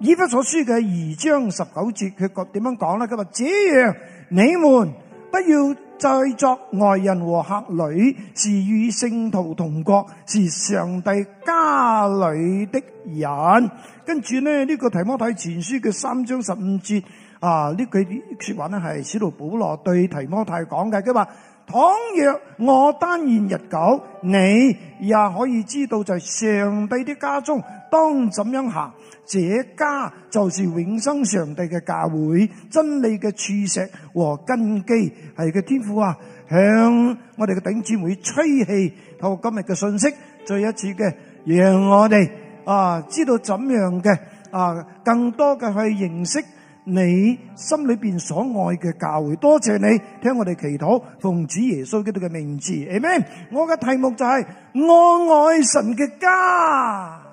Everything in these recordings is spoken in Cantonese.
以弗所書嘅二章十九節，佢講點樣講咧？佢話這樣你們不要再作外人和客旅，是與聖徒同國，是上帝家裏的人。跟住呢，呢、呢個提摩太前書嘅三章十五節啊，呢句說話呢，係使徒保羅對提摩太講嘅。佢話倘若我單言日久，你也可以知道就在上帝的家中。當怎樣行？這家就是永生上帝嘅教會，真理嘅柱石和根基係嘅天父啊！向我哋嘅頂住會吹氣，透過今日嘅信息，再一次嘅讓我哋啊知道怎樣嘅啊，更多嘅去認識你心裏邊所愛嘅教會。多謝你聽我哋祈禱，奉主耶穌基督嘅名字，Amen。我嘅題目就係、是、我愛神嘅家。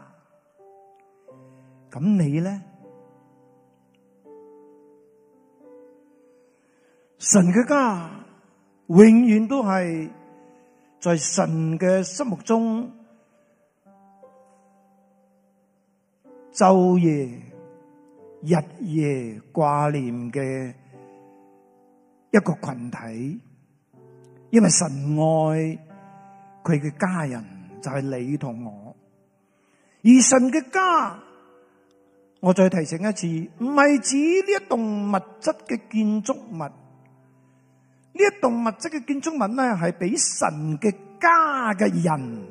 咁你咧？神嘅家永遠都係在神嘅心目中，晝夜日夜掛念嘅一個群體，因為神愛佢嘅家人就係你同我，而神嘅家。我再提醒一次，唔係指呢一棟物質嘅建築物，呢一棟物質嘅建築物咧，係俾神嘅家嘅人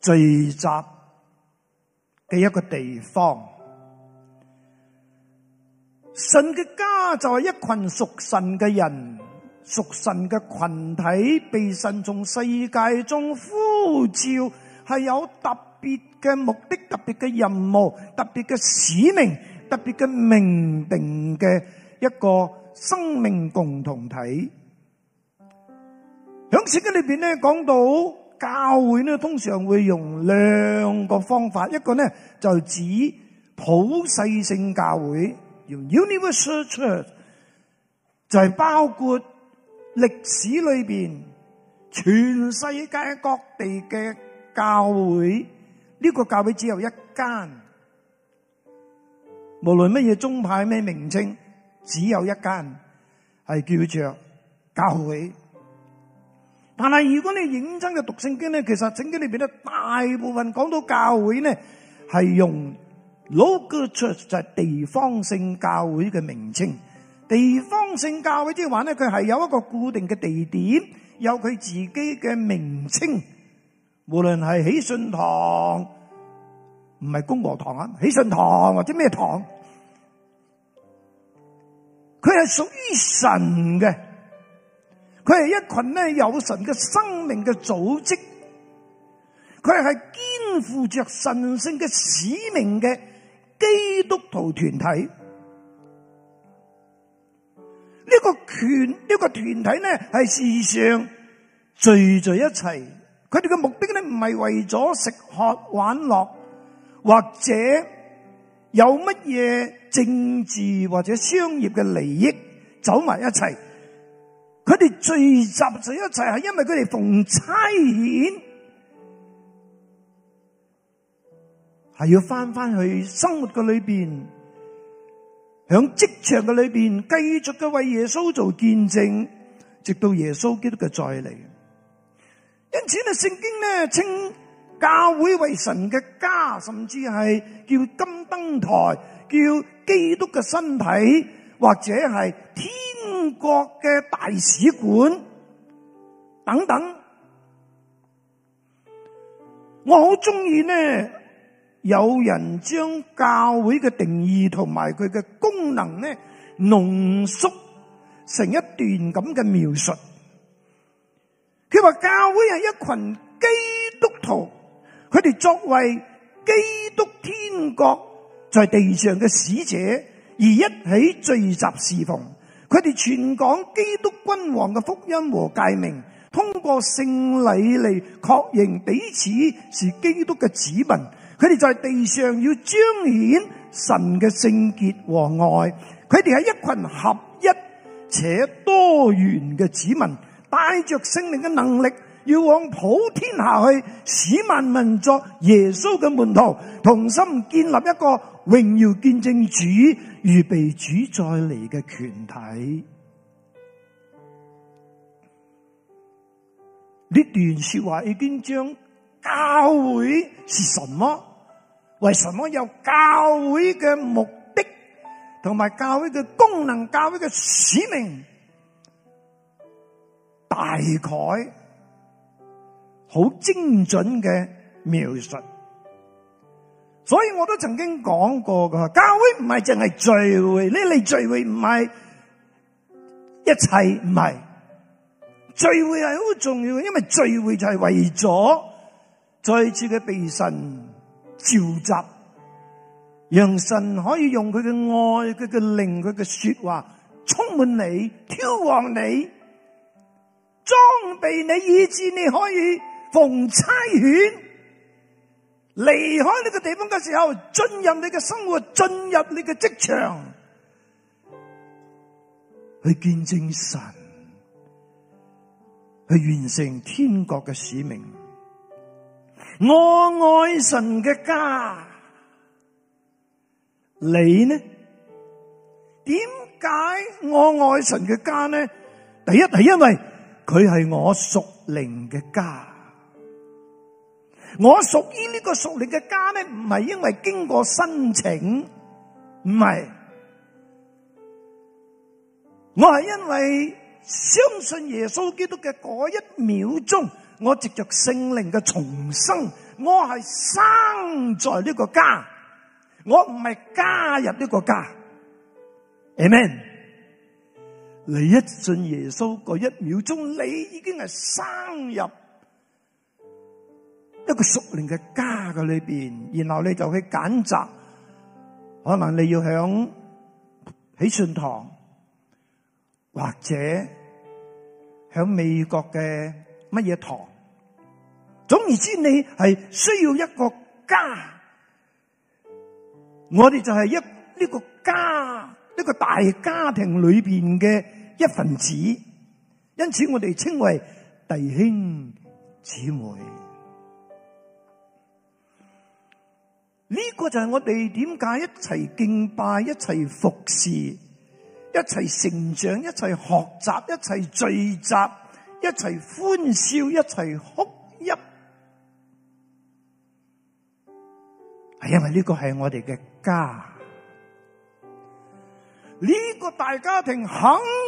聚集嘅一個地方。神嘅家就係一群屬神嘅人，屬神嘅群體，被神從世界中呼召，係有特別。嘅目的、特別嘅任務、特別嘅使命、特別嘅命定嘅一個生命共同體。響聖經裏邊咧，講到教會咧，通常會用兩個方法，一個咧就指普世性教會用 （Universal Church），就係包括歷史裏邊全世界各地嘅教會。呢個教會只有一間，無論乜嘢宗派咩名稱，只有一間係叫做教會。但係如果你認真嘅讀聖經咧，其實聖經裏邊咧大部分講到教會咧，係用 local church 就係地方性教會嘅名稱。地方性教會即係話咧，佢係有一個固定嘅地點，有佢自己嘅名稱，無論係喜信堂。唔係公和堂啊，喜信堂或者咩堂？佢係屬於神嘅，佢係一群咧有神嘅生命嘅組織，佢係肩負着神聖嘅使命嘅基督徒團體。這個這個、體，呢個團呢個團體咧係時常聚聚一齊，佢哋嘅目的咧唔係為咗食喝玩樂。或者有乜嘢政治或者商業嘅利益走埋一齊，佢哋聚集在一齊係因為佢哋逢差遣，係要翻翻去生活嘅裏邊，響職場嘅裏邊繼續嘅為耶穌做見證，直到耶穌基督嘅再來。因此咧，聖經呢稱。教會為神嘅家，甚至係叫金燈台，叫基督嘅身體，或者係天國嘅大使館等等。我好中意呢，有人將教會嘅定義同埋佢嘅功能咧濃縮成一段咁嘅描述。佢話教會係一群基督徒。佢哋作為基督天國在、就是、地上嘅使者而一起聚集侍奉，佢哋傳講基督君王嘅福音和誡命，通過聖禮嚟確認彼此是基督嘅子民。佢哋在地上要彰顯神嘅聖潔和愛，佢哋係一群合一且多元嘅子民，帶着聖靈嘅能力。要往普天下去，使萬民作耶穌嘅門徒，同心建立一個榮耀見證主預備主再嚟嘅群體。呢 段說話已經將教會是什麼？為什麼有教會嘅目的，同埋教會嘅功能、教會嘅使命？大概。好精準嘅描述，所以我都曾經講過噶，教會唔係淨係聚會，你嚟聚會唔係一切，唔係聚會係好重要，因為聚會就係為咗再次嘅被神召集，讓神可以用佢嘅愛、佢嘅靈、佢嘅說話充滿你、挑旺你、裝備你，以致你可以同差遣離開呢個地方嘅時候，進入你嘅生活，進入你嘅職場，去見證神，去完成天國嘅使命。我愛神嘅家，你呢？點解我愛神嘅家呢？第一係因為佢係我屬靈嘅家。我屬於呢個屬靈嘅家呢，唔係因為經過申請，唔係，我係因為相信耶穌基督嘅嗰一秒鐘，我藉著聖靈嘅重生，我係生在呢個家，我唔係加入呢個家。Amen。你一信耶穌嗰一秒鐘，你已經係生入，一個熟練嘅家嘅裏邊，然後你就去揀擇，可能你要響喜信堂，或者響美國嘅乜嘢堂，總而之，你係需要一個家。我哋就係一呢、這個家呢、這個大家庭裏邊嘅一份子，因此我哋稱為弟兄姊妹。呢個就係我哋點解一齊敬拜、一齊服侍、一齊成長、一齊學習、一齊聚集、一齊歡笑、一齊哭泣，係因為呢個係我哋嘅家。呢個大家庭肯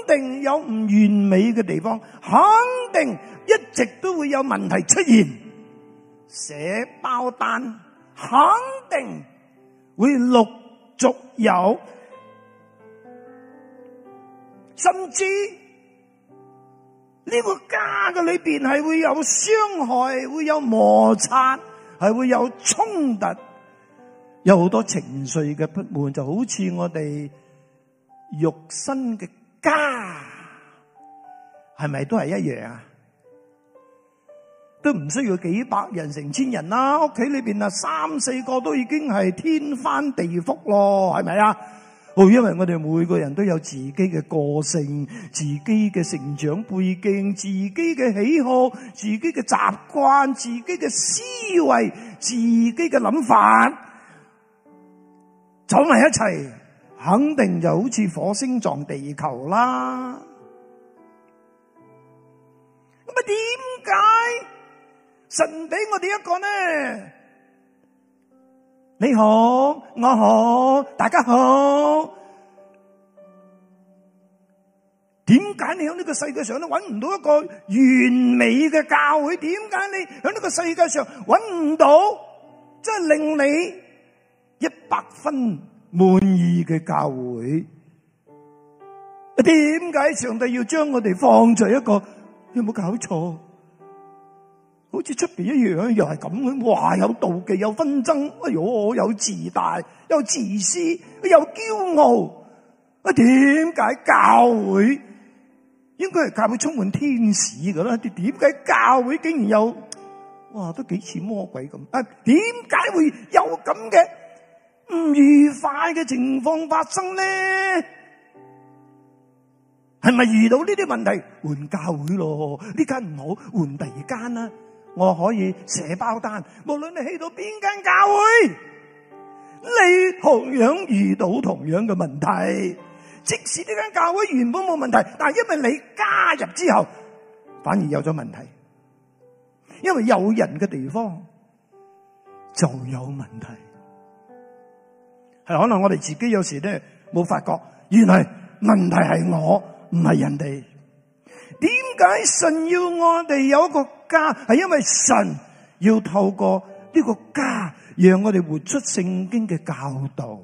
定有唔完美嘅地方，肯定一直都會有問題出現，寫包單。肯定會陸續有，甚至呢個家嘅裏邊係會有傷害，會有摩擦，係會有衝突，有好多情緒嘅不滿，就好似我哋肉身嘅家，係咪都係一樣啊？都唔需要幾百人、成千人啦，屋企裏邊啊，三四個都已經係天翻地覆咯，係咪啊？哦，因為我哋每個人都有自己嘅個性、自己嘅成長背景、自己嘅喜好、自己嘅習慣、自己嘅思維、自己嘅諗法，坐埋一齊，肯定就好似火星撞地球啦。咁啊，點解？神俾我哋一個呢？你好，我好，大家好。點解你喺呢個世界上都揾唔到一個完美嘅教會？點解你喺呢個世界上揾唔到，即係令你一百分滿意嘅教會？點解上帝要將我哋放在一個？有冇搞錯？好似出邊一樣，又係咁嘅，哇！有妒忌，有紛爭，哎喲，有自大，有自私，又驕傲。啊，點解教會應該係教會充滿天使嘅啦？點解教會竟然有哇？都幾似魔鬼咁啊？點解會有咁嘅唔愉快嘅情況發生咧？係咪遇到呢啲問題換教會咯？呢間唔好，換第二間啦，啊。我可以寫包單，無論你去到邊間教會，你同樣遇到同樣嘅問題。即使呢間教會原本冇問題，但係因為你加入之後，反而有咗問題。因為有人嘅地方就有問題，係可能我哋自己有時咧冇發覺，原來問題係我唔係人哋。點解神要我哋有一個？家係因為神要透過呢個家，讓我哋活出聖經嘅教導。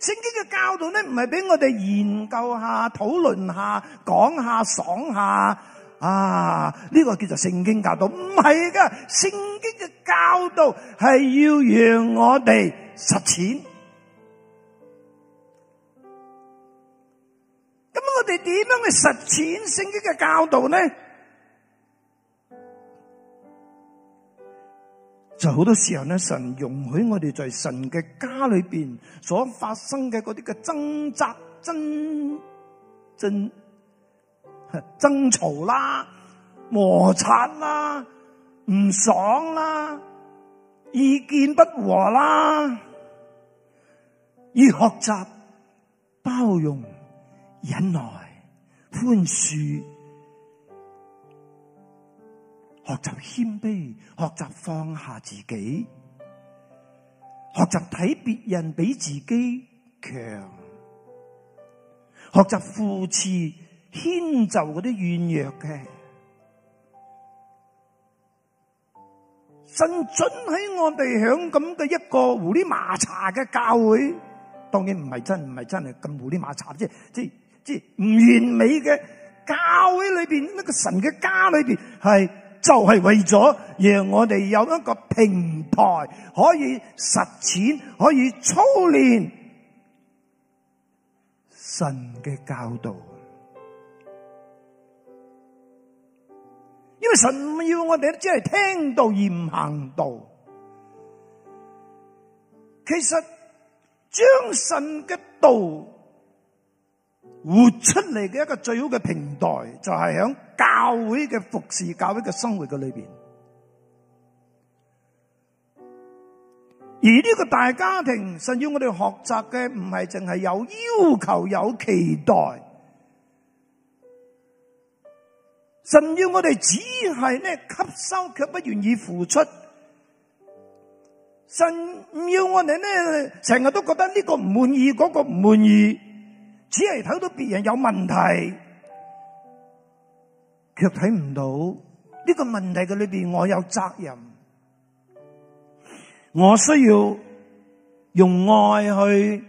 聖經嘅教導呢，唔係俾我哋研究下、討論下、講下、爽下啊？呢個叫做聖經教導，唔係噶。聖經嘅教導係要讓我哋實踐。咁我哋點樣去實踐聖經嘅教導呢？就好多時候咧，神容許我哋在神嘅家裏邊所發生嘅嗰啲嘅爭執、爭爭爭嘈啦、摩擦啦、唔爽啦、意見不和啦，要學習包容、忍耐、寬恕。學習謙卑，學習放下自己，學習睇別人比自己強，學習扶持、遷就嗰啲軟弱嘅。神准喺我哋響咁嘅一個糊里馬查嘅教會，當然唔係真，唔係真嘅咁糊里馬查啫，即係即係唔完美嘅教會裏邊，一、那個神嘅家裏邊係。就係為咗讓我哋有一個平台，可以實踐，可以操練神嘅教導。因為神唔要我哋只係聽道而唔行道。其實將神嘅道。活出嚟嘅一個最好嘅平台，就係喺教會嘅服侍教會嘅生活嘅裏邊。而呢個大家庭，神要我哋學習嘅唔係淨係有要求有期待，神要我哋只係咧吸收，卻不願意付出。神唔要我哋呢，成日都覺得呢個唔滿意，嗰個唔滿意。只係睇到別人有問題，卻睇唔到呢個問題嘅裏邊，我有責任，我需要用愛去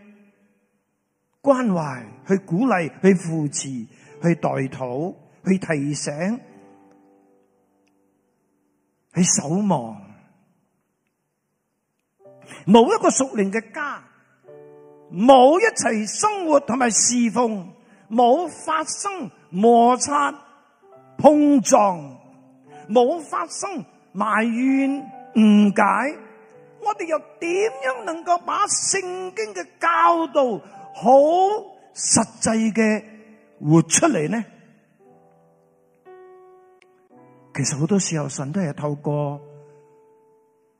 關懷、去鼓勵、去扶持、去代禱、去提醒、去守望，冇一個熟練嘅家。冇一齊生活同埋侍奉，冇發生摩擦碰撞，冇發生埋怨誤解，我哋又點樣能夠把聖經嘅教導好實際嘅活出嚟呢？其實好多時候，神都係透過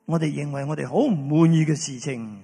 我哋認為我哋好唔滿意嘅事情。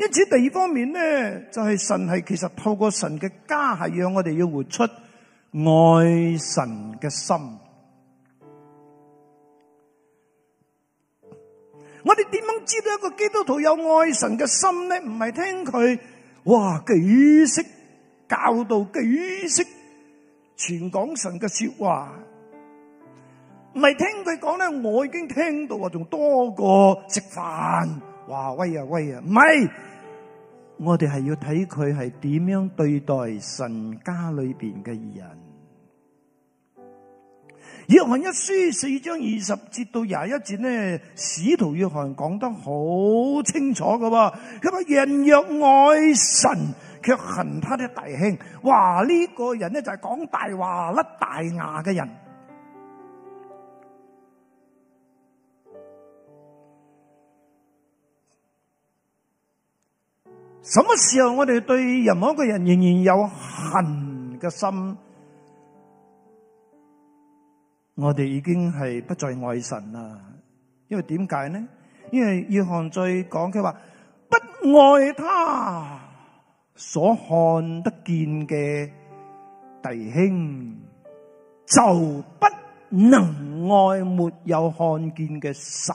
因此，第二方面咧，就係、是、神係其實透過神嘅家，係讓我哋要活出愛神嘅心。我哋點樣知道一個基督徒有愛神嘅心咧？唔係聽佢哇，幾識教導，幾識傳講神嘅說話，唔係聽佢講咧，我已經聽到啊，仲多過食飯。哇，威啊威啊，唔係。我哋係要睇佢係點樣對待神家裏邊嘅人。約翰一書四章二十節到廿一節咧，使徒約翰講得好清楚嘅，佢話人若愛神，卻恨他的弟兄，哇！呢、這個人咧就係、是、講大話、甩大牙嘅人。什麼時候我哋對任何一個人仍然有恨嘅心，我哋已經係不再愛神啦。因為點解呢？因為約翰再講佢話，不愛他所看得見嘅弟兄，就不能愛沒有看見嘅神。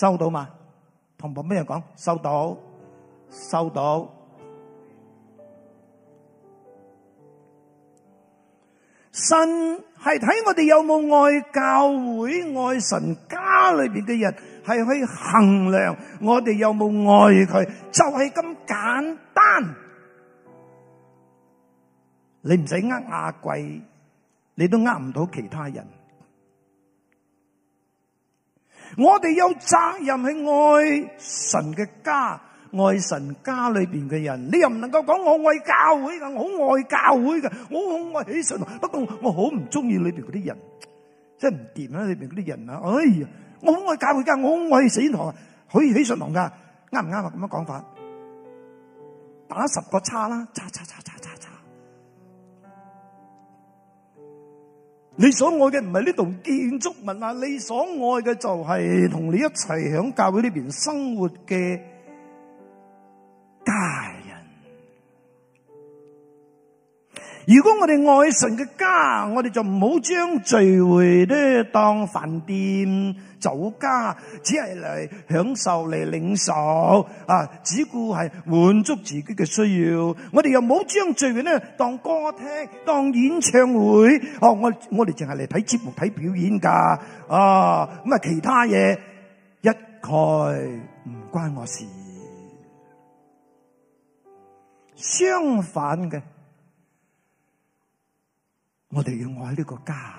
收到嘛？同旁邊人講，收到，收到。神係睇我哋有冇愛教會、愛神家裏邊嘅人，係去衡量我哋有冇愛佢，就係咁簡單。你唔使呃阿貴，你都呃唔到其他人。我哋有責任去愛神嘅家，愛神家裏邊嘅人。你又唔能夠講我愛教會嘅，我好愛教會嘅，我好愛喜神堂。不過我好唔中意裏邊嗰啲人，即係唔掂啦！裏邊嗰啲人啊，哎呀，我好愛教會噶，我好愛喜神堂，可以喜神堂噶，啱唔啱啊？咁樣講法，打十個叉啦，叉叉叉叉叉叉。你所愛嘅唔係呢棟建築物啊，你所愛嘅就係同你一齊喺教會裏面生活嘅。如果我哋愛神嘅家，我哋就唔好將聚會咧當飯店、酒家，只係嚟享受嚟領受啊！只顧係滿足自己嘅需要，我哋又唔好將聚會咧當歌廳、當演唱會。哦，我我哋淨係嚟睇節目、睇表演㗎啊！咁啊，其他嘢一概唔關我事。相反嘅。我哋要愛呢個家，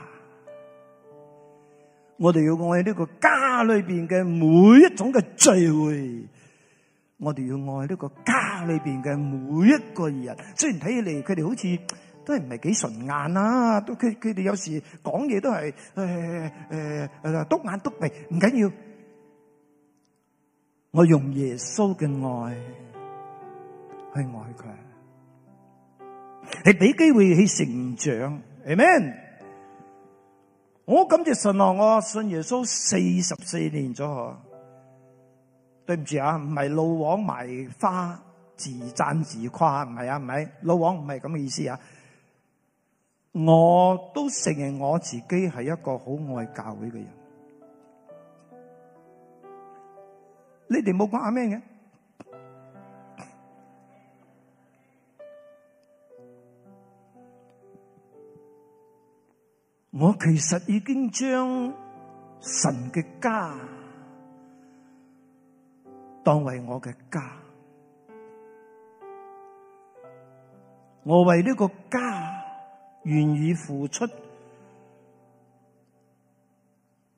我哋要愛呢個家裏邊嘅每一種嘅聚會，我哋要愛呢個家裏邊嘅每一個人。雖然睇起嚟佢哋好似都係唔係幾順眼啊，都佢佢哋有時講嘢都係誒誒誒，哎哎哎、篤眼篤鼻，唔緊要。我用耶穌嘅愛去愛佢，係俾機會去成長。阿 min，我咁就信我信耶穌四十四年咗，對唔住啊，唔係老王賣花自讚自誇，唔係啊，唔係老王唔係咁嘅意思啊，我都承認我自己係一個好愛教會嘅人，你哋冇講阿 m 嘅。我其實已經將神嘅家當為我嘅家，我為呢個家願意付出。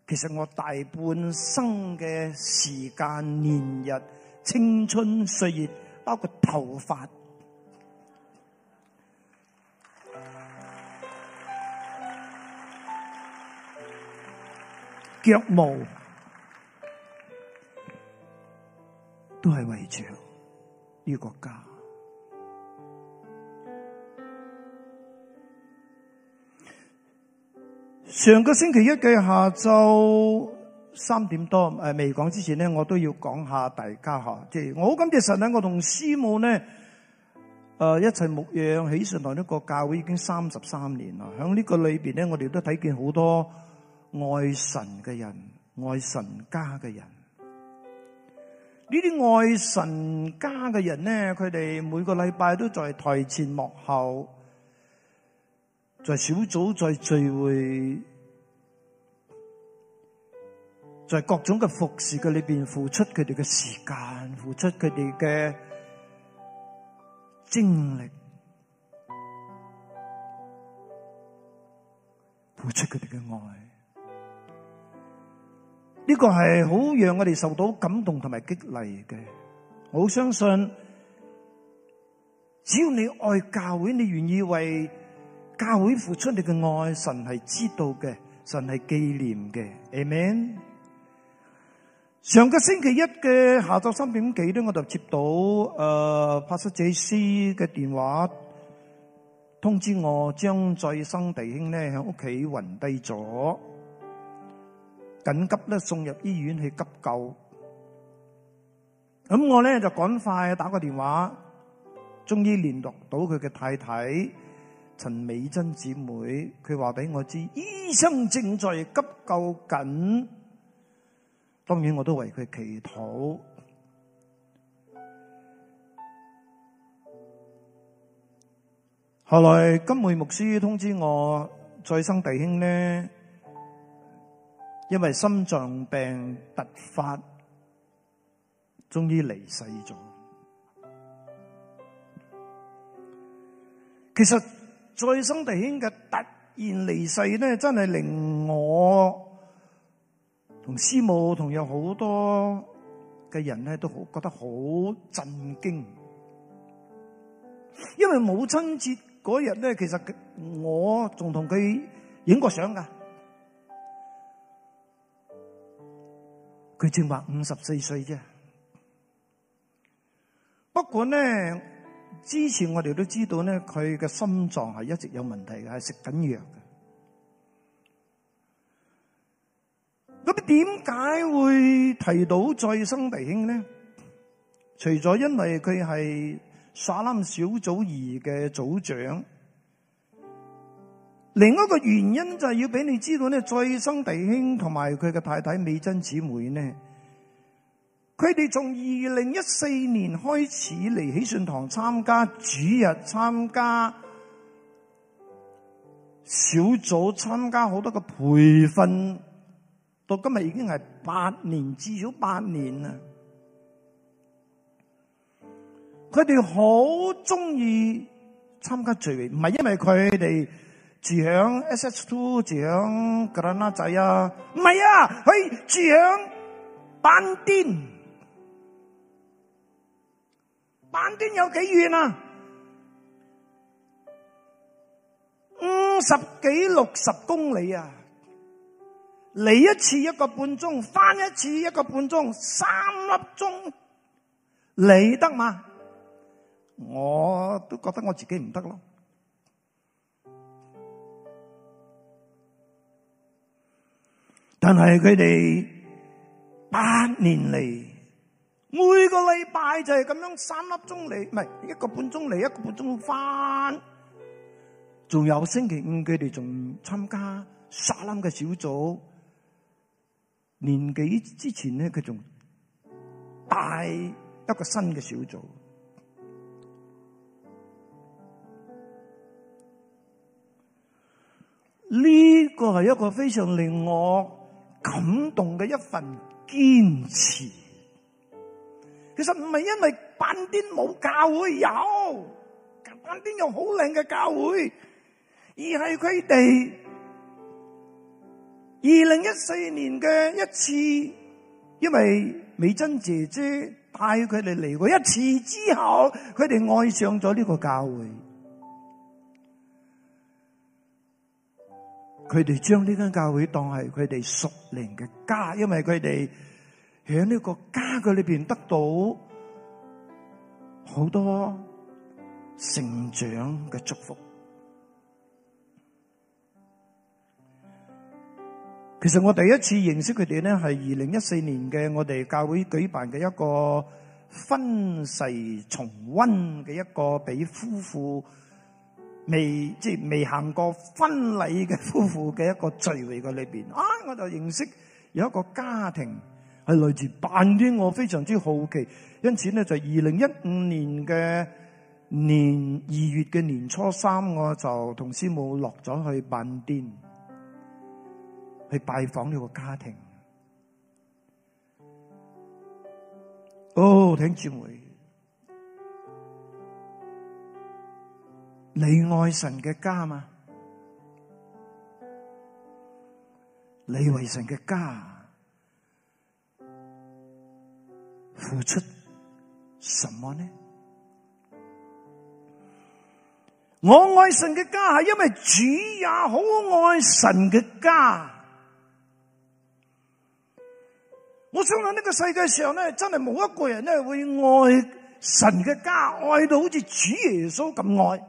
其實我大半生嘅時間、年日、青春、歲月，包括頭髮。腳毛都係圍住呢個家。上個星期一嘅下晝三點多，誒未講之前呢，我都要講下大家吓，即係我好感激神咧，我同師母呢，誒一齊牧養起上嚟呢個教會已經三十三年啦。響呢個裏邊呢，我哋都睇見好多。愛神嘅人，愛神家嘅人，呢啲愛神家嘅人呢，佢哋每個禮拜都在台前幕後，在小組、在聚會、在各種嘅服侍佢裏邊付出佢哋嘅時間，付出佢哋嘅精力，付出佢哋嘅愛。呢個係好讓我哋受到感動同埋激勵嘅，我相信只要你愛教會，你願意為教會付出你嘅愛，神係知道嘅，神係紀念嘅。Amen，上個星期一嘅下晝三點幾咧，我就接到誒帕斯謝斯嘅電話，通知我張再生弟兄咧喺屋企暈低咗。緊急咧送入醫院去急救，咁我咧就趕快打個電話，終於聯絡到佢嘅太太陳美珍姊妹，佢話俾我知醫生正在急救緊，當然我都為佢祈禱。後來金梅牧師通知我再生弟兄呢。因為心臟病突發，終於離世咗。其實再生弟兄嘅突然離世咧，真係令我同師母同有好多嘅人咧，都好覺得好震驚。因為母親節嗰日咧，其實我仲同佢影過相噶。佢正話五十四歲啫，不過咧之前我哋都知道咧，佢嘅心臟係一直有問題嘅，係食緊藥嘅。咁點解會提到再生弟兄咧？除咗因為佢係撒冷小組二嘅組長。另外一個原因就係要俾你知道呢，再生弟兄同埋佢嘅太太美珍姊妹呢，佢哋從二零一四年開始嚟喜信堂參加主日參加、參加小組、參加好多嘅培訓，到今日已經係八年，至少八年啦。佢哋好中意參加聚會，唔係因為佢哋。住喺 S H Two 住喺吉蘭亞仔啊，唔係啊，去住喺板甸，板甸有幾遠啊？五十幾六十公里啊！嚟一次一個半鐘，翻一次一個半鐘，三粒鐘，你得嘛？我都覺得我自己唔得咯。但係佢哋八年嚟，每個禮拜就係咁樣三粒鐘嚟，唔係一個半鐘嚟，一個半鐘翻。仲有星期五佢哋仲參加撒冧嘅小組。年幾之前咧，佢仲帶一個新嘅小組。呢、這個係一個非常令我。感動嘅一份堅持，其實唔係因為板端冇教會，有，板端有好靚嘅教會，而係佢哋二零一四年嘅一次，因為美珍姐姐帶佢哋嚟過一次之後，佢哋愛上咗呢個教會。佢哋將呢間教會當係佢哋屬靈嘅家，因為佢哋喺呢個家嘅裏邊得到好多成長嘅祝福。其實我第一次認識佢哋咧，係二零一四年嘅我哋教會舉辦嘅一個婚誓重溫嘅一個俾夫婦。未即係未行過婚禮嘅夫婦嘅一個聚會嘅裏邊，啊，我就認識有一個家庭係嚟自緬甸，我非常之好奇，因此咧就二零一五年嘅年二月嘅年初三，我就同師母落咗去緬甸去拜訪呢個家庭。哦，天主會。你愛神嘅家嗎？你為神嘅家付出什麼呢？我愛神嘅家係因為主也好愛神嘅家。我相信呢個世界上咧，真係冇一個人咧會愛神嘅家，愛到好似主耶穌咁愛。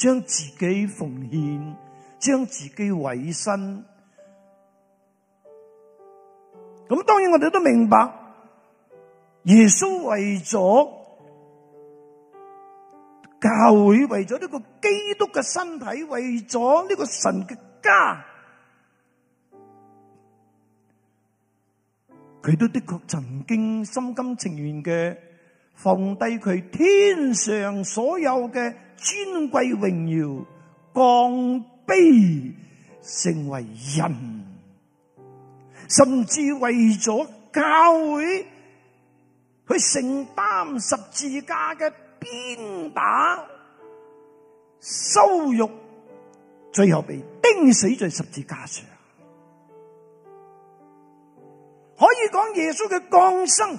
將自己奉獻，將自己委身。咁當然我哋都明白，耶穌為咗教會，為咗呢個基督嘅身體，為咗呢個神嘅家，佢都的確曾經心甘情願嘅，放低佢天上所有嘅。尊貴榮耀，降卑成為人，甚至為咗教會，佢承擔十字架嘅鞭打、羞辱，最後被釘死在十字架上。可以講耶穌嘅降生，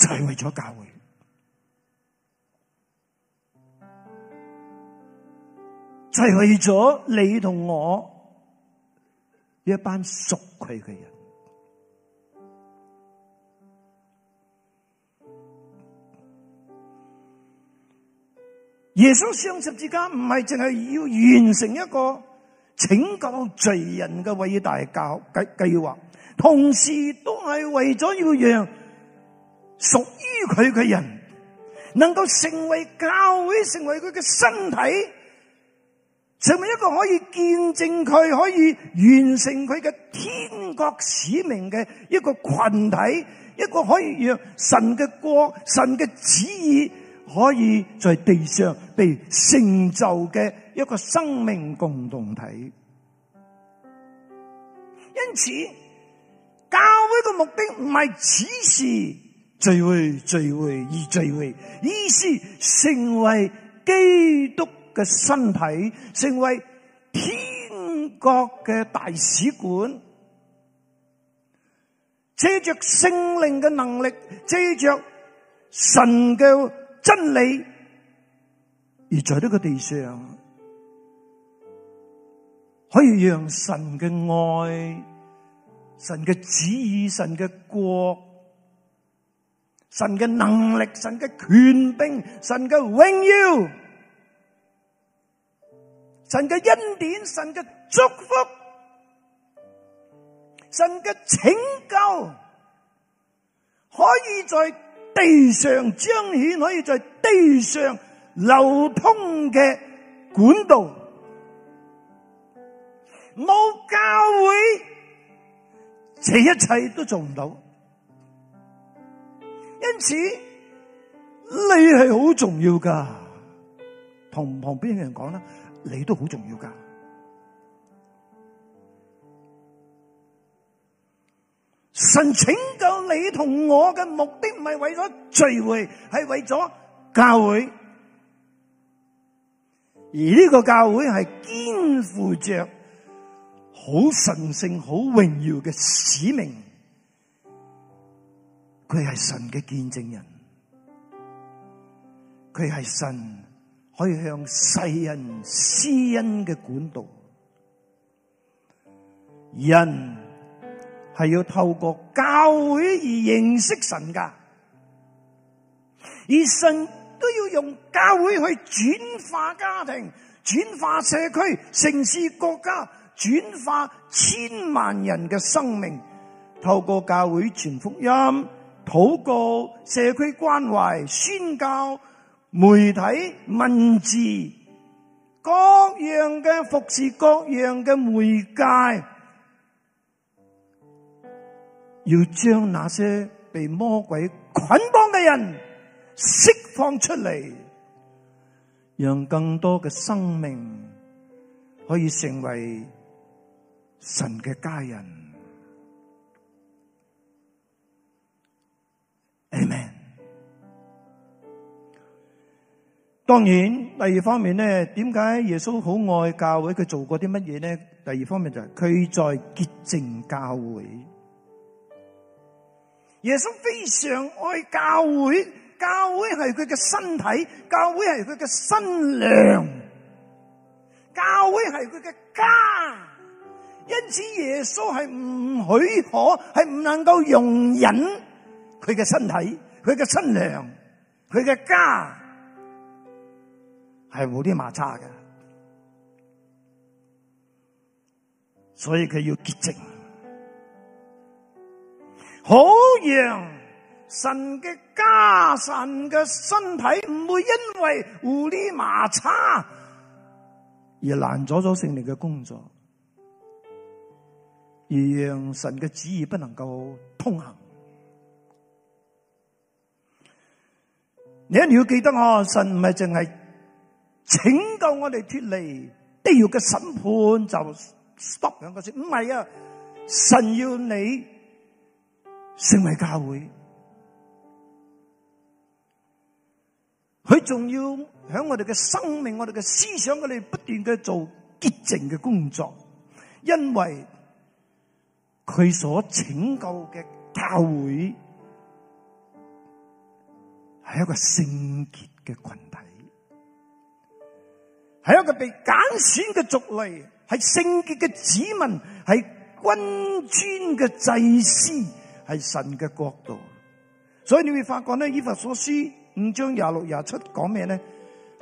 就係為咗教會，就係為咗你同我一班熟佢嘅人。耶穌相識之間唔係淨係要完成一個拯救罪人嘅偉大教計計劃，同時都係為咗要讓。屬於佢嘅人，能夠成為教會，成為佢嘅身體，成為一個可以見證佢、可以完成佢嘅天國使命嘅一個群體，一個可以讓神嘅國、神嘅旨意可以在地上被成就嘅一個生命共同體。因此，教會嘅目的唔係此事。聚會，聚會，而聚會，於是成為基督嘅身體，成為天國嘅大使館，借着聖靈嘅能力，借着神嘅真理，而在呢個地上，可以讓神嘅愛、神嘅旨意、神嘅國。神嘅能力，神嘅權柄，神嘅榮耀，神嘅恩典，神嘅祝福，神嘅拯救，可以在地上彰顯，可以在地上流通嘅管道，冇教會，這一切都做唔到。因此，你係好重要噶，同旁邊嘅人講啦，你都好重要噶。神拯救你同我嘅目的唔係為咗聚會，係為咗教會，而呢個教會係肩負着好神聖、好榮耀嘅使命。佢係神嘅見證人，佢係神可以向世人施恩嘅管道。人係要透過教會而認識神㗎，而神都要用教會去轉化家庭、轉化社區、城市、國家、轉化千萬人嘅生命，透過教會傳福音。好過社區關懷、宣教、媒體、文字，各樣嘅服侍、各樣嘅媒介，要將那些被魔鬼捆綁嘅人釋放出嚟，讓更多嘅生命可以成為神嘅家人。當然，第二方面咧，點解耶穌好愛教會？佢做過啲乜嘢咧？第二方面就係佢在潔淨教會。耶穌非常愛教會，教會係佢嘅身體，教會係佢嘅新娘，教會係佢嘅家。因此，耶穌係唔許可，係唔能夠容忍佢嘅身體、佢嘅新娘、佢嘅家。係胡里麻叉嘅，所以佢要潔淨，好讓神嘅加善嘅身體唔會因為胡里麻叉而攔阻咗聖靈嘅工作，而讓神嘅旨意不能夠通行。你一定要記得哦，神唔係淨係。拯救我哋脫離地獄嘅審判，就 stop 兩個字，唔係啊！神要你成為教會，佢仲要響我哋嘅生命、我哋嘅思想，我哋不斷嘅做潔淨嘅工作，因為佢所拯救嘅教會係一個聖潔嘅群體。係一個被揀選嘅族類，係聖潔嘅子民，係君尊嘅祭司，係神嘅國度。所以你會發覺呢，以弗所書五章廿六廿七講咩呢？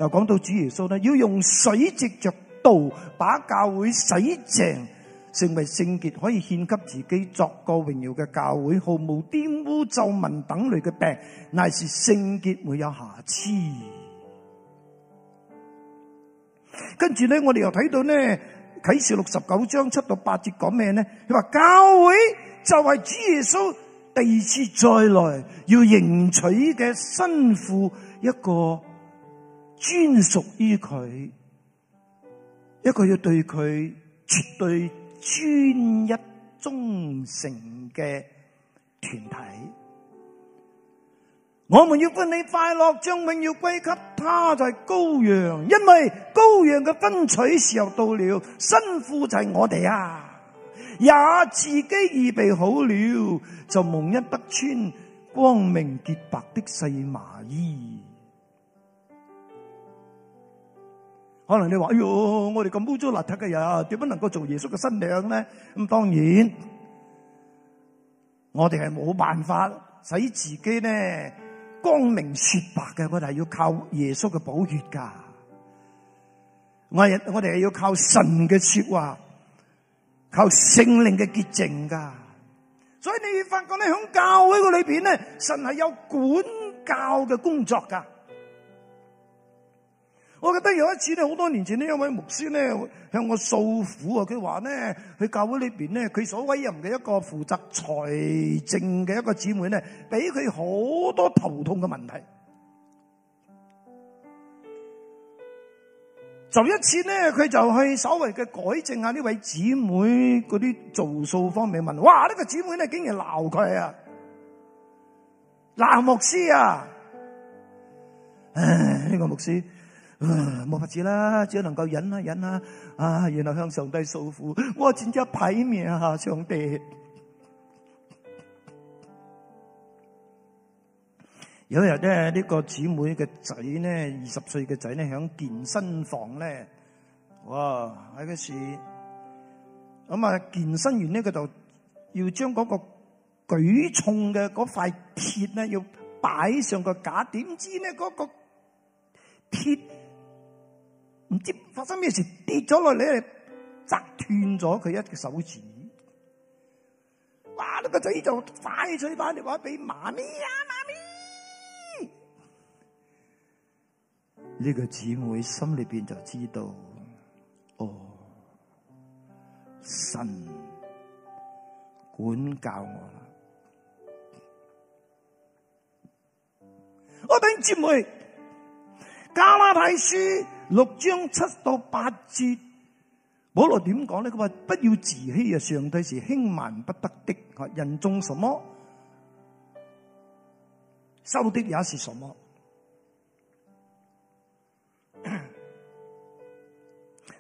又講到主耶穌呢，要用水藉着道把教會洗淨，成為聖潔，可以獻給自己作個榮耀嘅教會，毫無玷污皺紋等類嘅病，乃是聖潔沒有瑕疵。跟住咧，我哋又睇到呢，啟示錄十九章七到八節講咩呢？佢話教會就係主耶穌第二次再來要迎娶嘅新婦，一個專屬於佢，一個要對佢絕對專一忠誠嘅團體。我們要歡喜快樂，將榮耀歸給他，就係羔羊，因為。羔羊嘅婚娶時候到了，新婦就係我哋啊！也自己預備好了，就蒙恩得穿光明潔白的細麻衣。可能你話：哎喲，我哋咁污糟邋遢嘅人，點樣能夠做耶穌嘅新娘呢？咁當然，我哋係冇辦法使自己呢光明雪白嘅，我哋係要靠耶穌嘅寶血噶。我我哋係要靠神嘅說話，靠聖靈嘅潔淨噶。所以你發覺咧，響教會個裏邊咧，神係有管教嘅工作噶。我覺得有一次咧，好多年前呢一位牧師咧向我訴苦啊，佢話咧，佢教會裏邊咧，佢所委任嘅一個負責財政嘅一個姊妹咧，俾佢好多頭痛嘅問題。有一次咧，佢就去所謂嘅改正下呢位姊妹嗰啲做數方面問，哇！這個、呢個姊妹咧竟然鬧佢啊，鬧牧師啊！唉，呢、這個牧師冇法子啦，只能夠忍啊忍啊！啊，然後向上帝訴苦，哇咗一排面啊上帝？有一日咧，這個、呢個姊妹嘅仔咧，二十歲嘅仔咧，響健身房咧，哇！喺嗰時，咁啊健身員咧，佢就要將個舉重嘅塊鐵咧，要擺上個架。點知咧、嗰個鐵唔知發生咩事跌咗落嚟，砸斷咗佢一個手指。哇！呢、那個仔就快脆把電話俾媽咪啊，媽咪！呢個姊妹心裏邊就知道，哦，神管教我啦。 我等姊妹加拉太書六章七到八節，保羅點講咧？佢話，不要自欺啊！上帝是輕慢不得的。人種什麼，收的也是什麼。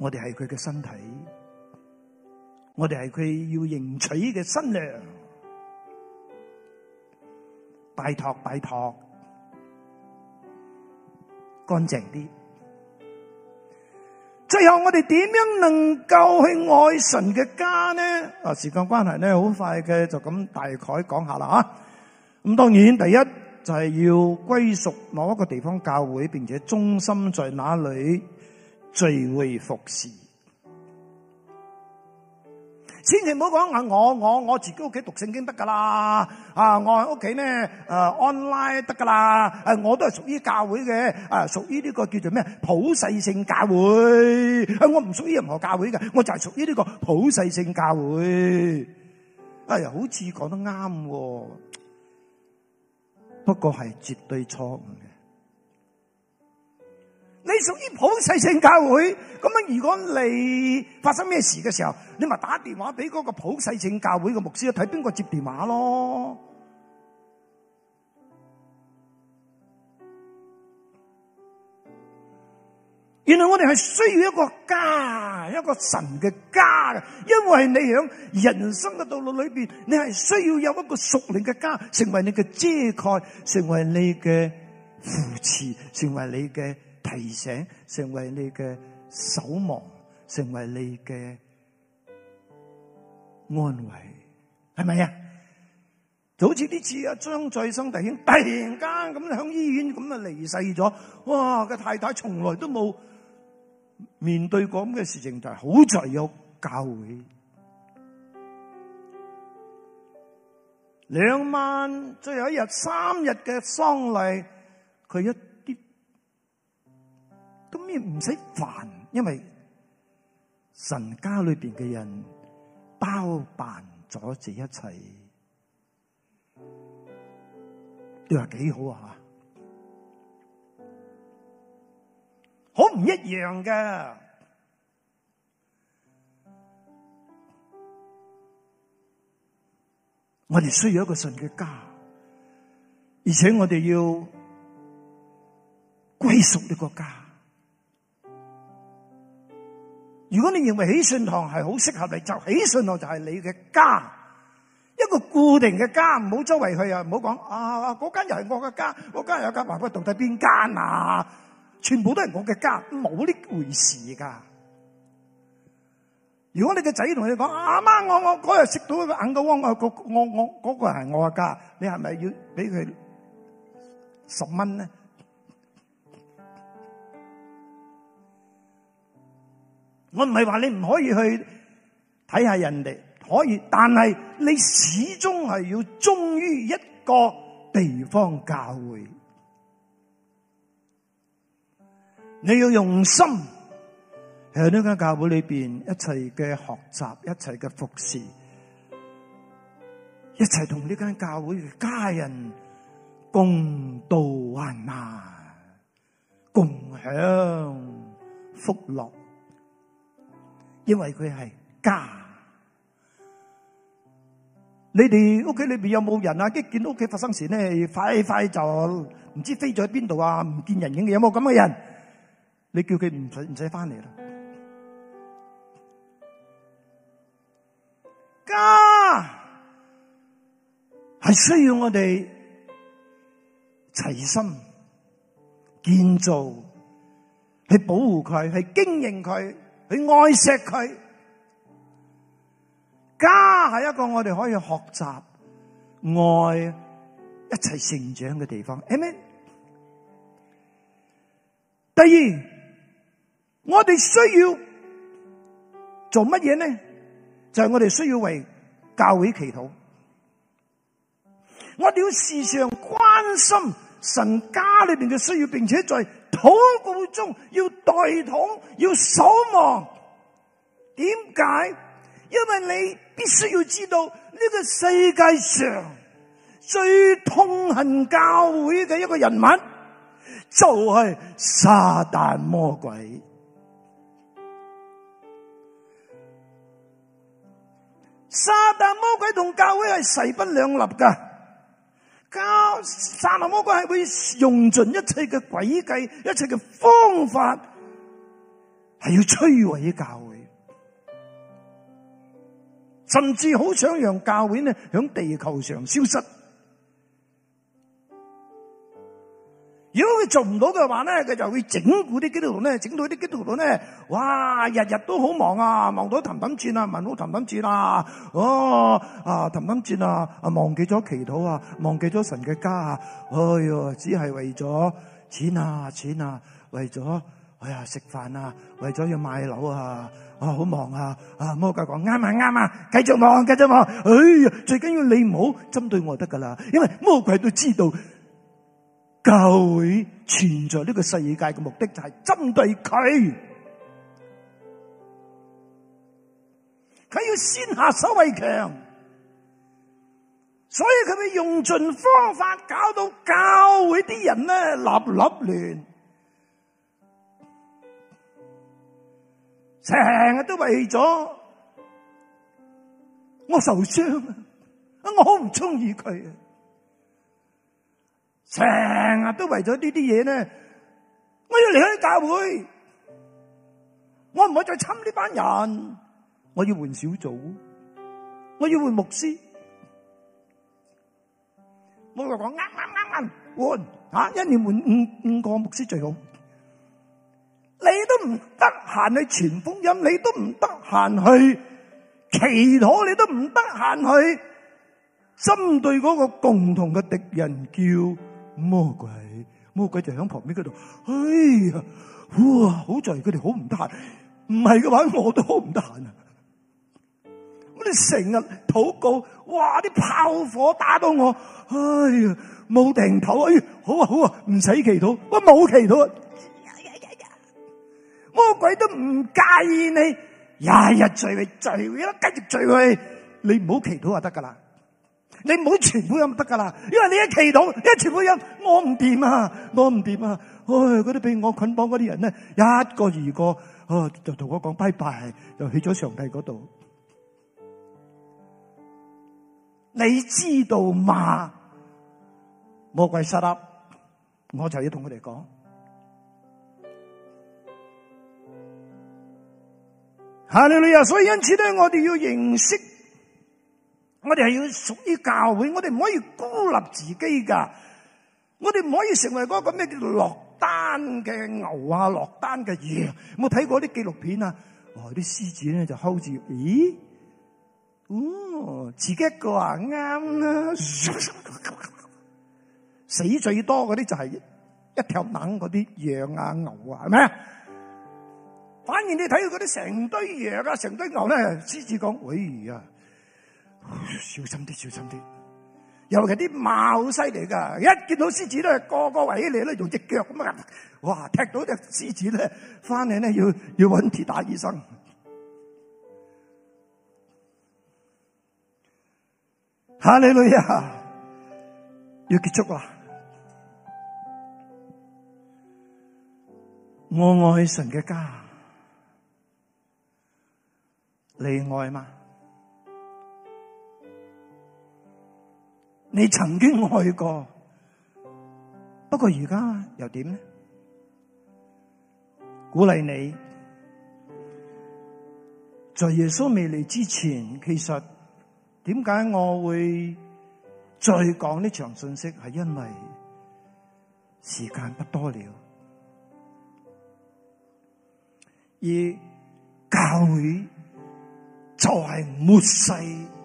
我哋係佢嘅身體，我哋係佢要迎娶嘅新娘，拜託拜託，乾淨啲。最後我哋點樣能夠去愛神嘅家呢？啊，時間關係呢，好快嘅就咁大概講下啦啊。咁當然第一就係要歸屬某一個地方教會，並且中心在哪裏。最會服侍，千祈唔好講啊！我我我自己屋企讀聖經得噶啦，啊我喺屋企呢誒 online 得噶啦，誒我都係屬於教會嘅，誒屬於呢個叫做咩普世性教會，誒、啊、我唔屬於任何教會嘅，我就係屬於呢個普世性教會。哎呀，好似講得啱喎，哦，不過係絕對錯誤嘅。你屬於普世性教會，咁樣如果你發生咩事嘅時候，你咪打電話俾嗰個普世性教會嘅牧師，睇邊個接電話咯。原來我哋係需要一個家，一個神嘅家嘅，因為你喺人生嘅道路裏邊，你係需要有一個屬靈嘅家，成為你嘅遮蓋，成為你嘅扶持，成為你嘅。提醒成為你嘅守望，成為你嘅安慰，係咪啊？就好似呢次阿張再生弟兄突然間咁響醫院咁啊離世咗，哇！個太太從來都冇面對過咁嘅事情，就係好在有教會，兩晚最後一日三日嘅喪禮，佢一。咁你唔使煩，因為神家裏面嘅人包辦咗這一切，對啊，幾好啊，吓，好唔一樣噶。我哋需要一個信嘅家，而且我哋要歸屬呢個家。如果你認為起信堂係好適合你，就起信堂就係你嘅家，一個固定嘅家，唔好周圍去啊，唔好講啊嗰間又係我嘅家，嗰間有間，話佢到底邊間啊？全部都係我嘅家，冇呢回事噶。如果你嘅仔同你講阿媽，我我日食到一個硬個汪，我、嗰個、我我我、嗰個係我嘅家，你係咪要俾佢十蚊呢？我唔係話你唔可以去睇下人哋，可以，但係你始終係要忠於一個地方教會。你要用心向呢間教會裏邊一齊嘅學習，一齊嘅服侍，一齊同呢間教會嘅家人共度患難，共享福樂。因為佢係家，你哋屋企裏邊有冇人啊？一見到屋企發生事咧，快快就唔知飛咗喺邊度啊！唔見人影嘅，有冇咁嘅人？你叫佢唔使唔使翻嚟啦！家係需要我哋齊心建造，去保護佢，去經營佢。佢愛錫佢，家係一個我哋可以學習愛一齊成長嘅地方。阿們，第二，我哋需要做乜嘢呢？就係我哋需要為教會祈禱。我哋要時常關心神家裏邊嘅需要，並且在。禱告中要代禱，要守望。點解？因為你必須要知道呢個世界上最痛恨教會嘅一個人物，就係撒旦魔鬼。撒旦魔鬼同教會係勢不兩立噶。.教撒旦魔鬼係會用盡一切嘅詭計、一切嘅方法，係要摧毀教會，甚至好想讓教會咧響地球上消失。如果佢做唔到嘅話咧，佢就會整蠱啲基督徒咧，整到啲基督徒咧，哇，日日都好忙啊，忙到氹氹轉啊，忙到氹氹轉啊，哦，啊，氹氹轉啊，啊，忘記咗祈禱啊，忘記咗神嘅家啊，哎呀，只係為咗錢啊，錢啊，為咗哎呀食飯啊，為咗要買樓啊，啊，好忙啊，啊，魔鬼講啱啊啱啊，啊，繼續忙，繼續忙，哎呀，最緊要你唔好針對我得噶啦，因為魔鬼都知道。教會存在呢個世界嘅目的就係針對佢，佢要先下手為強，所以佢咪用盡方法搞到教會啲人呢，立立亂，成日都為咗我受傷啊！我好唔中意佢啊！成日都為咗呢啲嘢呢，我要離開教會，我唔可以再侵呢班人，我要換小組，我要換牧師，我就講啱啱啱啱換，吓、啊，一年換五五個牧師最好，你都唔得閒去傳福音，你都唔得閒去祈禱，你都唔得閒去針對嗰個共同嘅敵人叫。魔鬼，魔鬼就喺旁邊嗰度。哎呀，哇，好在佢哋好唔得閒，唔係嘅話我都好唔得閒啊！你成日禱告，哇，啲炮火打到我，哎呀，冇停頭啊！好啊好啊，唔使祈禱，我冇祈禱啊！魔鬼都唔介意你日日聚會，聚會啦，繼續聚會，你唔好祈禱就得噶啦。你唔好全部音得㗎啦，因為你一祈禱，你一全部音，我唔掂啊，我唔掂啊！唉、哎，嗰啲畀我捆綁嗰啲人呢，一個二個，哦，就同我講拜拜，就去咗上帝嗰度。 你知道嘛？魔鬼塞凹，我就要同佢哋講。哈利路亞，所以因此呢，我哋要認識。我哋係要屬於教會，我哋唔可以孤立自己噶。我哋唔可以成為嗰一個咩叫做落單嘅牛啊，落單嘅羊。有冇睇過啲紀錄片啊？哦，啲獅子咧就吼住：咦，哦，自己一個啊，啱啦。死最多嗰啲就係一條冷嗰啲羊啊牛啊，係咪啊？反而你睇佢嗰啲成堆羊啊，成堆牛咧，獅子講：喂啊！小心啲，小心啲！尤其啲馬好犀利噶，一見到獅子咧，個個圍起嚟咧，用隻腳咁啊，哇！踢到隻獅子咧，返嚟咧要要揾鐵打醫生。哈利路亞！要結束啦！我愛神嘅家，你愛嗎？你曾經愛過，不過而家又點呢？鼓勵你，在耶穌未嚟之前，其實點解我會再講呢場信息？係因為時間不多了，而教會就係末世。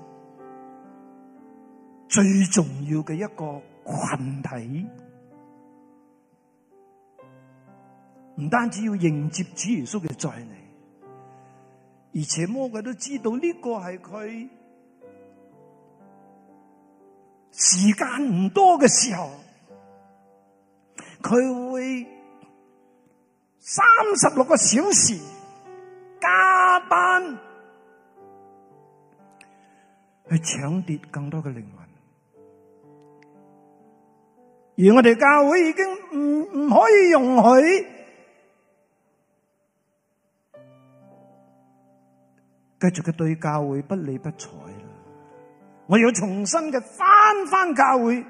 最重要嘅一個群體，唔單止要迎接主耶穌嘅再來，而且魔鬼都知道呢個係佢時間唔多嘅時候，佢會三十六個小時加班去搶奪更多嘅靈魂。而我哋教會已經唔唔可以容許繼續嘅對教會不理不睬啦！我要重新嘅返返教會，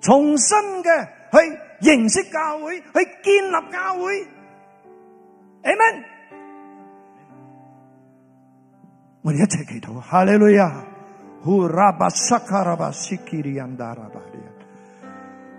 重新嘅去認識教會，去建立教會。阿門！我哋一齊祈禱，哈利路亞！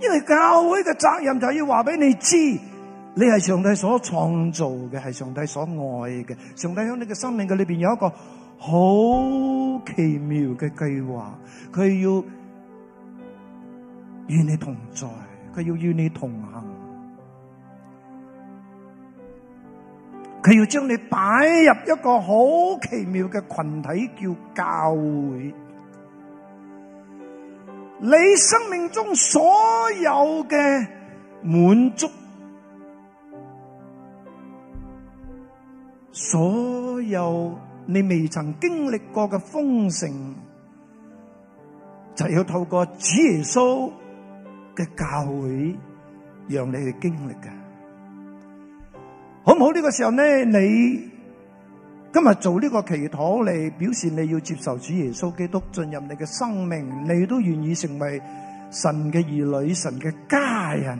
因為教會嘅責任就要話俾你知，你係上帝所創造嘅，係上帝所愛嘅。上帝喺你嘅生命嘅裏邊有一個好奇妙嘅計劃，佢要與你同在，佢要與你同行，佢要將你擺入一個好奇妙嘅群體，叫教會。你生命中所有嘅滿足，所有你未曾經歷過嘅豐盛，就要透過主耶穌嘅教會，讓你去經歷㗎。好唔好？呢個時候呢，你今日做呢個祈禱，嚟表示你要接受主耶穌基督進入你嘅生命，你都願意成為神嘅兒女、神嘅家人，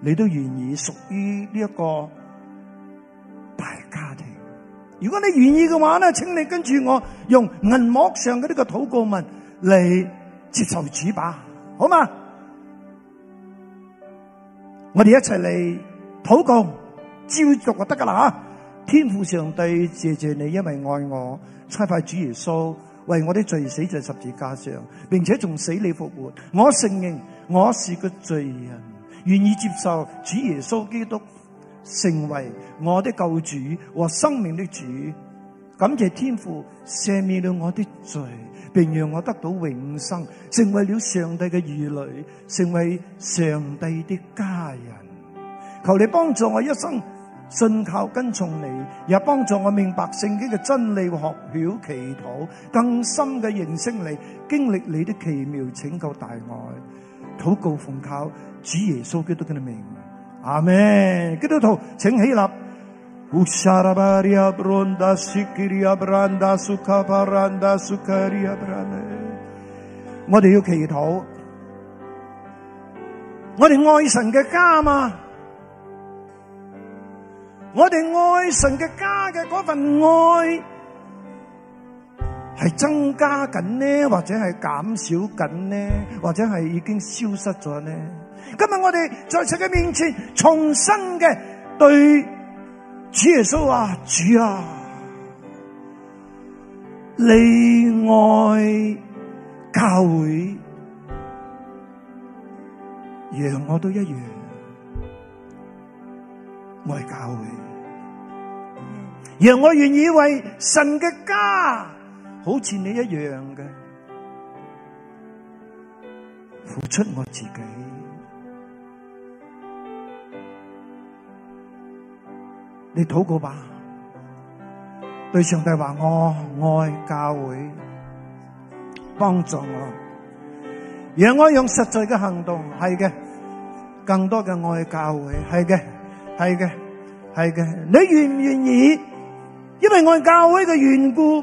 你都願意屬於呢一個大家庭。如果你願意嘅話呢，請你跟住我用銀幕上嘅呢個禱告文嚟接受主吧，好嘛？我哋一齊嚟禱告，照讀就得噶啦吓。天父上帝，謝謝你，因為愛我，差派主耶穌為我的罪死在十字架上，並且從死裏復活。我承認我是個罪人，願意接受主耶穌基督成為我的救主和生命的主。感謝天父赦免了我的罪，並讓我得到永生，成為了上帝嘅兒女，成為上帝的家人。求你幫助我一生，信靠跟從你，也幫助我明白聖經嘅真理，學曉祈禱，更深嘅認識你，經歷你的奇妙拯救大愛，禱告奉靠主耶穌基督嘅名，阿門。基督徒，請起立。我哋要祈禱，我哋愛神嘅家嘛。我哋愛神嘅家嘅份愛係增加緊呢，或者係減少緊呢，或者係已經消失咗呢？今日我哋在神嘅面前，重新嘅對主耶穌啊，主啊，你愛教會，讓我都一樣。愛教會，讓我願意為神嘅家，好似你一樣嘅付出我自己。你禱告吧，對上帝話：我愛教會，幫助我。讓我用實際嘅行動，係嘅，更多嘅愛教會，係嘅。係嘅，係嘅。你願唔願意？因為我教會嘅緣故，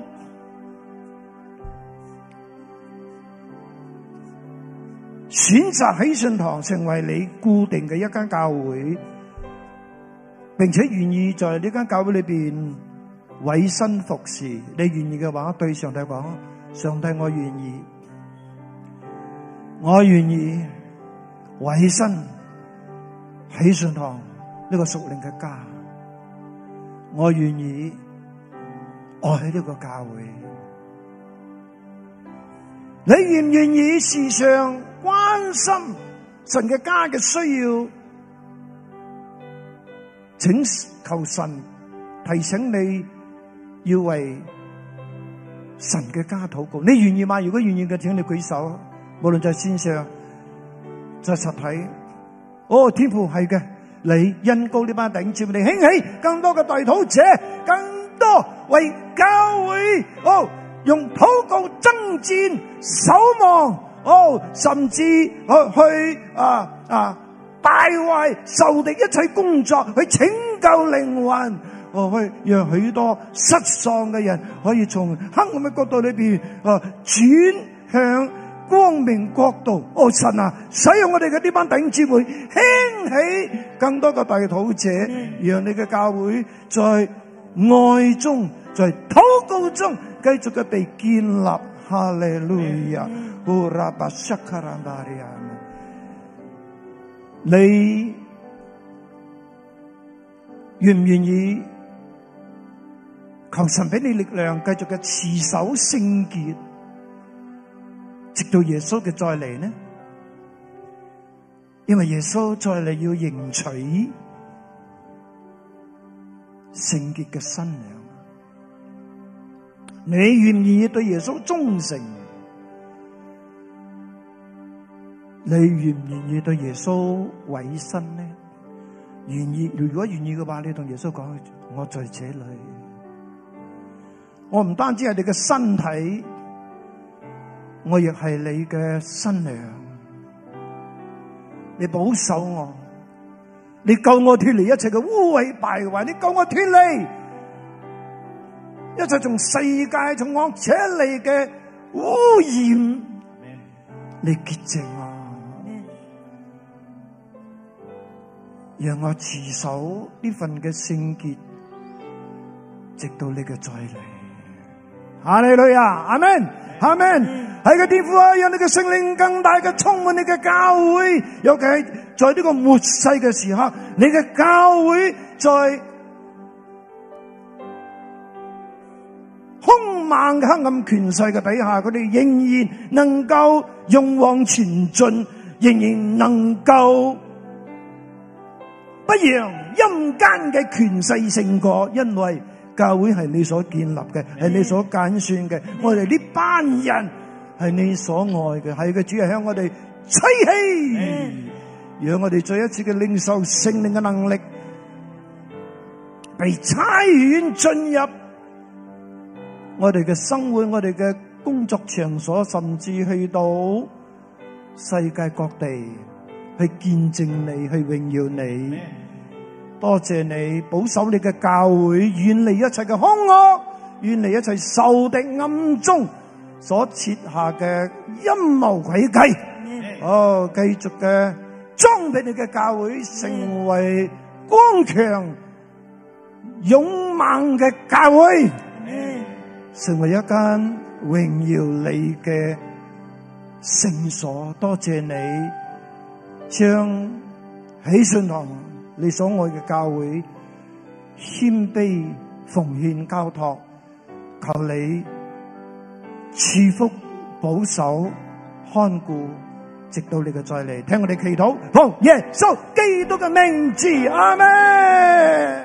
選擇喜信堂成為你固定嘅一間教會，並且願意在呢間教會裏邊委身服侍。你願意嘅話，對上帝講：上帝，我願意，我願意委身喜信堂。呢個屬靈嘅家，我願意愛呢個教會。你願唔願意時常關心神嘅家嘅需要？請求神提醒你要為神嘅家禱告。你願意嗎？如果願意嘅，請你舉手，無論在線上、在、就是、實體。哦，天父，係嘅。你因高啲巴，頂住你興起更多嘅代禱者，更多為教會哦，用禱告爭戰、守望哦，甚至去去啊啊，敗壞受敵一切工作，去拯救靈魂哦，去讓許多失喪嘅人可以從黑暗嘅國度裏邊哦轉向，光明國度，哦神啊，使用我哋嘅呢班頂姊妹興起更多嘅大土者，嗯、讓你嘅教會在愛中，在禱告中，繼續嘅被建立。哈利路亞！嗯、你願唔願意求神俾你力量，繼續嘅持守聖潔？直到耶穌嘅再嚟呢？因為耶穌再嚟要迎娶聖潔嘅新娘，你願意對耶穌忠誠？你願唔願意對耶穌委身呢？願意，如果願意嘅話，你同耶穌講：我在這裏。我唔單止係你嘅身體。我亦係你嘅新娘，你保守我，你救我脫離一切嘅污穢敗壞，你救我脫離一切從世界從我扯離嘅污染，Amen. 你潔淨我，Amen. 讓我持守呢份嘅聖潔，直到你嘅再嚟。阿你女啊，阿們，阿們，喺個天父啊，讓你嘅聖靈更大嘅充滿你嘅教會，尤其係在呢個末世嘅時刻，你嘅教會在凶猛嘅黑暗權勢嘅底下，佢哋仍然能夠勇往前進，仍然能夠不讓陰間嘅權勢勝過，因為。教會係你所建立嘅，係、mm hmm. 你所揀選嘅。Mm hmm. 我哋呢班人係你所愛嘅，係個主係向我哋吹氣，mm hmm. 讓我哋再一次嘅領受聖靈嘅能力，被差遣進入我哋嘅生活、我哋嘅工作場所，甚至去到世界各地去見證你、mm hmm. 去榮耀你。Mm hmm. 多謝你保守你嘅教會，遠離一切嘅凶惡，遠離一切仇敵暗中所設下嘅陰謀詭計。哦，繼續嘅裝備你嘅教會，成為剛強勇猛嘅教會，成為一間榮耀你嘅聖所。多謝你將喜訊堂。你所愛嘅教會，謙卑奉獻交託，求你賜福保守看顧，直到你嘅再嚟，聽我哋祈禱，奉耶穌基督嘅名字，阿門。